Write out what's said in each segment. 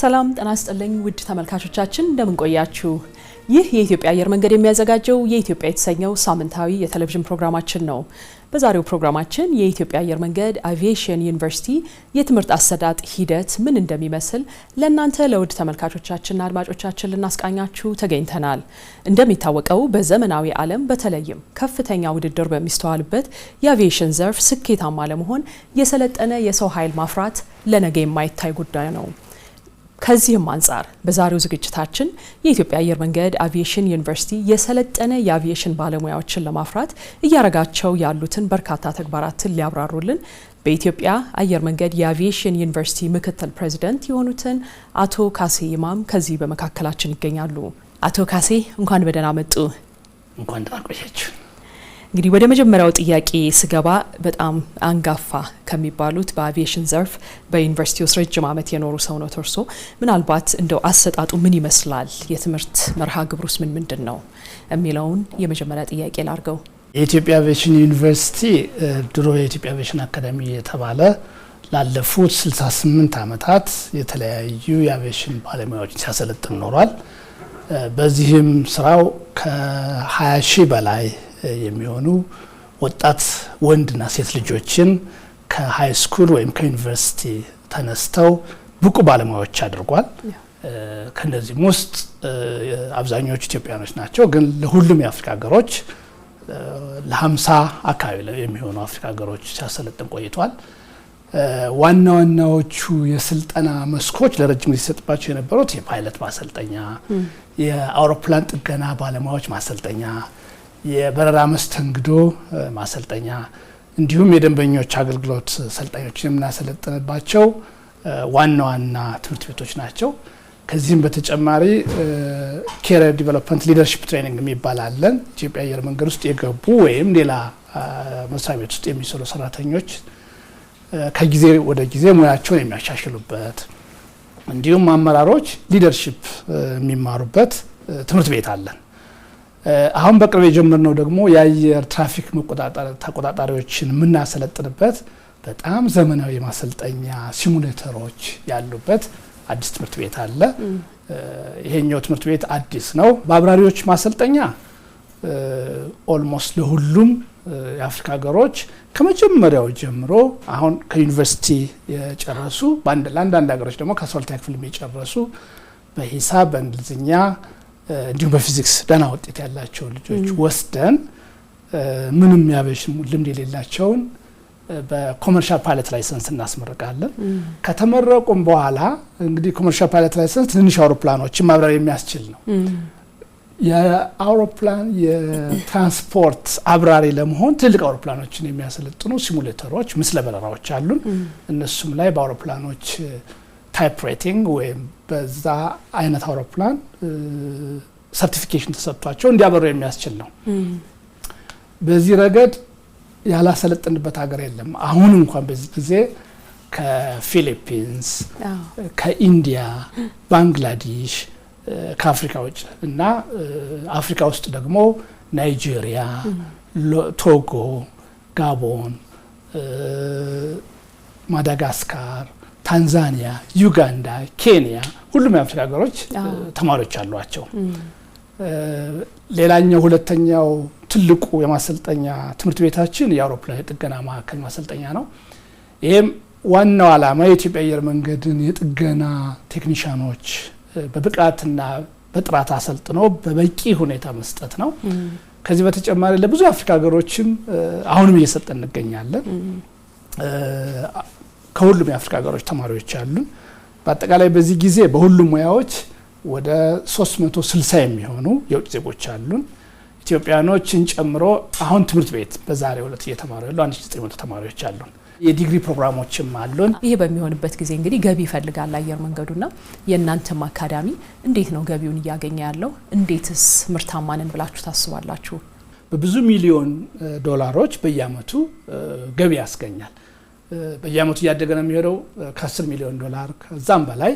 ሰላም ጤና ይስጥልኝ ውድ ተመልካቾቻችን እንደምንቆያችሁ። ይህ የኢትዮጵያ አየር መንገድ የሚያዘጋጀው የኢትዮጵያ የተሰኘው ሳምንታዊ የቴሌቪዥን ፕሮግራማችን ነው። በዛሬው ፕሮግራማችን የኢትዮጵያ አየር መንገድ አቪዬሽን ዩኒቨርሲቲ የትምህርት አሰጣጥ ሂደት ምን እንደሚመስል ለእናንተ ለውድ ተመልካቾቻችንና አድማጮቻችን ልናስቃኛችሁ ተገኝተናል። እንደሚታወቀው በዘመናዊ ዓለም በተለይም ከፍተኛ ውድድር በሚስተዋልበት የአቪዬሽን ዘርፍ ስኬታማ ለመሆን የሰለጠነ የሰው ኃይል ማፍራት ለነገ የማይታይ ጉዳይ ነው። ከዚህም አንጻር በዛሬው ዝግጅታችን የኢትዮጵያ አየር መንገድ አቪዬሽን ዩኒቨርሲቲ የሰለጠነ የአቪዬሽን ባለሙያዎችን ለማፍራት እያረጋቸው ያሉትን በርካታ ተግባራትን ሊያብራሩልን በኢትዮጵያ አየር መንገድ የአቪዬሽን ዩኒቨርሲቲ ምክትል ፕሬዚደንት የሆኑትን አቶ ካሴ ይማም ከዚህ በመካከላችን ይገኛሉ። አቶ ካሴ እንኳን በደህና መጡ። እንኳን እንግዲህ ወደ መጀመሪያው ጥያቄ ስገባ በጣም አንጋፋ ከሚባሉት በአቪዬሽን ዘርፍ በዩኒቨርሲቲ ውስጥ ረጅም ዓመት የኖሩ ሰው ነው እርሶ። ምናልባት እንደው አሰጣጡ ምን ይመስላል፣ የትምህርት መርሃ ግብሩስ ምን ምንድን ነው የሚለውን የመጀመሪያ ጥያቄ ላርገው። የኢትዮጵያ አቪዬሽን ዩኒቨርሲቲ ድሮ የኢትዮጵያ አቪዬሽን አካዳሚ የተባለ ላለፉት 68 ዓመታት የተለያዩ የአቪዬሽን ባለሙያዎችን ሲያሰለጥን ኖሯል። በዚህም ስራው ከ20 ሺህ በላይ የሚሆኑ ወጣት ወንድና ሴት ልጆችን ከሃይ ስኩል ወይም ከዩኒቨርሲቲ ተነስተው ብቁ ባለሙያዎች አድርጓል። ከነዚህም ውስጥ አብዛኞቹ ኢትዮጵያኖች ናቸው። ግን ለሁሉም የአፍሪካ ሀገሮች ለሀምሳ አካባቢ የሚሆኑ አፍሪካ ሀገሮች ሲያሰለጥን ቆይቷል። ዋና ዋናዎቹ የስልጠና መስኮች ለረጅም ጊዜ ሲሰጥባቸው የነበሩት የፓይለት ማሰልጠኛ፣ የአውሮፕላን ጥገና ባለሙያዎች ማሰልጠኛ የበረራ መስተንግዶ ማሰልጠኛ እንዲሁም የደንበኞች አገልግሎት ሰልጣኞችን የምናሰለጥንባቸው ዋና ዋና ትምህርት ቤቶች ናቸው። ከዚህም በተጨማሪ ኬሪየር ዲቨሎፕመንት ሊደርሽፕ ትሬኒንግ የሚባል አለን። ኢትዮጵያ አየር መንገድ ውስጥ የገቡ ወይም ሌላ መስሪያ ቤት ውስጥ የሚሰሩ ሰራተኞች ከጊዜ ወደ ጊዜ ሙያቸውን የሚያሻሽሉበት እንዲሁም አመራሮች ሊደርሽፕ የሚማሩበት ትምህርት ቤት አለን። አሁን በቅርብ የጀመርነው ደግሞ የአየር ትራፊክ ተቆጣጣሪዎችን የምናሰለጥንበት በጣም ዘመናዊ የማሰልጠኛ ሲሙሌተሮች ያሉበት አዲስ ትምህርት ቤት አለ። ይሄኛው ትምህርት ቤት አዲስ ነው። በአብራሪዎች ማሰልጠኛ ኦልሞስት ለሁሉም የአፍሪካ ሀገሮች ከመጀመሪያው ጀምሮ አሁን ከዩኒቨርሲቲ የጨረሱ ለአንዳንድ ሀገሮች ደግሞ ከሶልታ ክፍልም የጨረሱ በሂሳብ በእንግሊዝኛ እንዲሁም በፊዚክስ ደህና ውጤት ያላቸው ልጆች ወስደን ምንም ያበሽ ልምድ የሌላቸውን በኮመርሻል ፓይለት ላይሰንስ እናስመርቃለን። ከተመረቁም በኋላ እንግዲህ ኮመርሻል ፓይለት ላይሰንስ ትንንሽ አውሮፕላኖችን ማብረር የሚያስችል ነው። የአውሮፕላን የትራንስፖርት አብራሪ ለመሆን ትልቅ አውሮፕላኖችን የሚያሰለጥኑ ሲሙሌተሮች ምስለ በረራዎች አሉን። እነሱም ላይ በአውሮፕላኖች ታይፕሬቲንግ ወይም በዛ አይነት አውሮፕላን ሰርቲፊኬሽን ተሰጥቷቸው እንዲያበሩ የሚያስችል ነው። በዚህ ረገድ ያላሰለጥንበት ሀገር የለም። አሁን እንኳን በዚህ ጊዜ ከፊሊፒንስ፣ ከኢንዲያ፣ ባንግላዴሽ ከአፍሪካ ውጭ እና አፍሪካ ውስጥ ደግሞ ናይጄሪያ፣ ቶጎ፣ ጋቦን፣ ማዳጋስካር ታንዛኒያ፣ ዩጋንዳ፣ ኬንያ ሁሉም የአፍሪካ ሀገሮች ተማሪዎች አሏቸው። ሌላኛው ሁለተኛው ትልቁ የማሰልጠኛ ትምህርት ቤታችን የአውሮፕላን የጥገና ማዕከል ማሰልጠኛ ነው። ይህም ዋናው ዓላማ የኢትዮጵያ አየር መንገድን የጥገና ቴክኒሽያኖች በብቃትና በጥራት አሰልጥኖ በበቂ ሁኔታ መስጠት ነው። ከዚህ በተጨማሪ ለብዙ የአፍሪካ ሀገሮችም አሁንም እየሰጠ እንገኛለን። ከሁሉም የአፍሪካ ሀገሮች ተማሪዎች አሉን። በአጠቃላይ በዚህ ጊዜ በሁሉም ሙያዎች ወደ 360 የሚሆኑ የውጭ ዜጎች አሉን። ኢትዮጵያኖችን ጨምሮ አሁን ትምህርት ቤት በዛሬ ሁለት እየተማሩ ያሉ 1900 ተማሪዎች አሉን። የዲግሪ ፕሮግራሞችም አሉን። ይሄ በሚሆንበት ጊዜ እንግዲህ ገቢ ይፈልጋል አየር መንገዱና የእናንተም አካዳሚ እንዴት ነው ገቢውን እያገኘ ያለው? እንዴትስ ምርታማንን ብላችሁ ታስባላችሁ? በብዙ ሚሊዮን ዶላሮች በየአመቱ ገቢ ያስገኛል። በየአመቱ እያደገ ነው የሚሄደው። ከ10 ሚሊዮን ዶላር ከዛም በላይ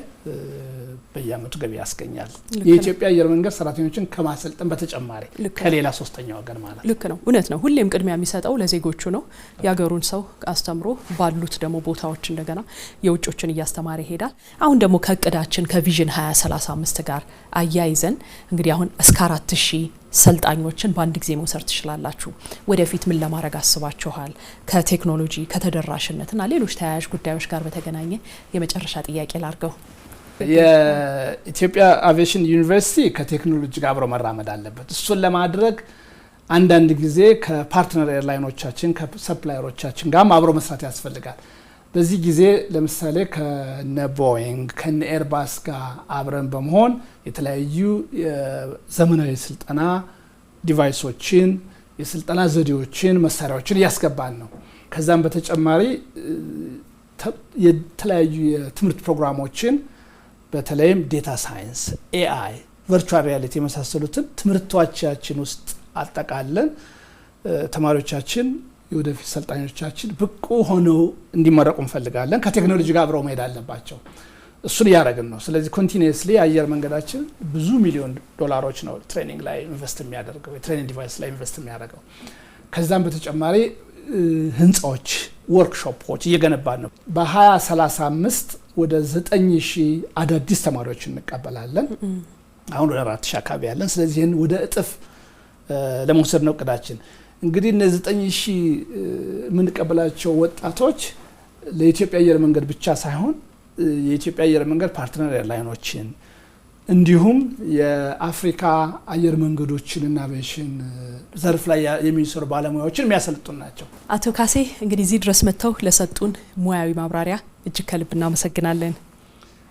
በየአመቱ ገቢ ያስገኛል። የኢትዮጵያ አየር መንገድ ሰራተኞችን ከማሰልጠን በተጨማሪ ከሌላ ሶስተኛ ወገን ማለት ልክ ነው፣ እውነት ነው። ሁሌም ቅድሚያ የሚሰጠው ለዜጎቹ ነው። የሀገሩን ሰው አስተምሮ ባሉት ደግሞ ቦታዎች እንደገና የውጮችን እያስተማረ ይሄዳል። አሁን ደግሞ ከእቅዳችን ከቪዥን 2035 ጋር አያይዘን እንግዲህ አሁን እስከ አራት ሺህ ሰልጣኞችን በአንድ ጊዜ መውሰድ ትችላላችሁ? ወደፊት ምን ለማድረግ አስባችኋል? ከቴክኖሎጂ ከተደራሽነትና ሌሎች ተያያዥ ጉዳዮች ጋር በተገናኘ የመጨረሻ ጥያቄ ላርገው። የኢትዮጵያ አቪዬሽን ዩኒቨርሲቲ ከቴክኖሎጂ ጋር አብሮ መራመድ አለበት። እሱን ለማድረግ አንዳንድ ጊዜ ከፓርትነር ኤርላይኖቻችን ከሰፕላየሮቻችን ጋርም አብሮ መስራት ያስፈልጋል። በዚህ ጊዜ ለምሳሌ ከነ ቦይንግ ከነ ኤርባስ ጋር አብረን በመሆን የተለያዩ ዘመናዊ ስልጠና ዲቫይሶችን የስልጠና ዘዴዎችን መሳሪያዎችን እያስገባን ነው። ከዛም በተጨማሪ የተለያዩ የትምህርት ፕሮግራሞችን በተለይም ዴታ ሳይንስ፣ ኤአይ፣ ቨርቹዋል ሪያሊቲ የመሳሰሉትን ትምህርቶቻችን ውስጥ አጠቃለን ተማሪዎቻችን የወደፊት ሰልጣኞቻችን ብቁ ሆነው እንዲመረቁ እንፈልጋለን። ከቴክኖሎጂ ጋር አብረው መሄድ አለባቸው። እሱን እያደረግን ነው። ስለዚህ ኮንቲኒየስሊ የአየር መንገዳችን ብዙ ሚሊዮን ዶላሮች ነው ትሬኒንግ ላይ ኢንቨስት የሚያደርገው የትሬኒንግ ዲቫይስ ላይ ኢንቨስት የሚያደርገው። ከዛም በተጨማሪ ህንፃዎች፣ ወርክሾፖች እየገነባን ነው። በ2035 ወደ 9000 አዳዲስ ተማሪዎች እንቀበላለን። አሁን ወደ 4000 አካባቢ ያለን። ስለዚህ ወደ እጥፍ ለመውሰድ ነው እቅዳችን። እንግዲህ እነዚህ ዘጠኝ ሺ የምንቀበላቸው ወጣቶች ለኢትዮጵያ አየር መንገድ ብቻ ሳይሆን የኢትዮጵያ አየር መንገድ ፓርትነር ኤርላይኖችን እንዲሁም የአፍሪካ አየር መንገዶችን እና አቪዬሽን ዘርፍ ላይ የሚሰሩ ባለሙያዎችን የሚያሰልጡን ናቸው። አቶ ካሴ እንግዲህ እዚህ ድረስ መጥተው ለሰጡን ሙያዊ ማብራሪያ እጅግ ከልብ እናመሰግናለን።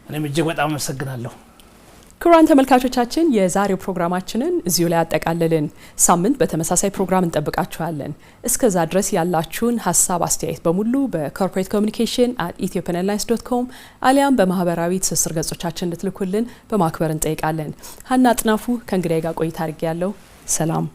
እኔም እጅግ በጣም አመሰግናለሁ። ክቡራን ተመልካቾቻችን የዛሬው ፕሮግራማችንን እዚሁ ላይ አጠቃለልን። ሳምንት በተመሳሳይ ፕሮግራም እንጠብቃችኋለን። እስከዛ ድረስ ያላችሁን ሀሳብ፣ አስተያየት በሙሉ በኮርፖሬት ኮሚኒኬሽን አት ኢትዮጵያን ኤርላይንስ ዶት ኮም አሊያም በማህበራዊ ትስስር ገጾቻችን እንድትልኩልን በማክበር እንጠይቃለን። ሀና አጥናፉ ከእንግዳዬ ጋር ቆይታ አድርጌ ያለው ሰላም